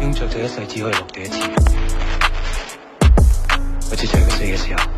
用著呢一世，只可以落地一次。我只在佢死嘅時候。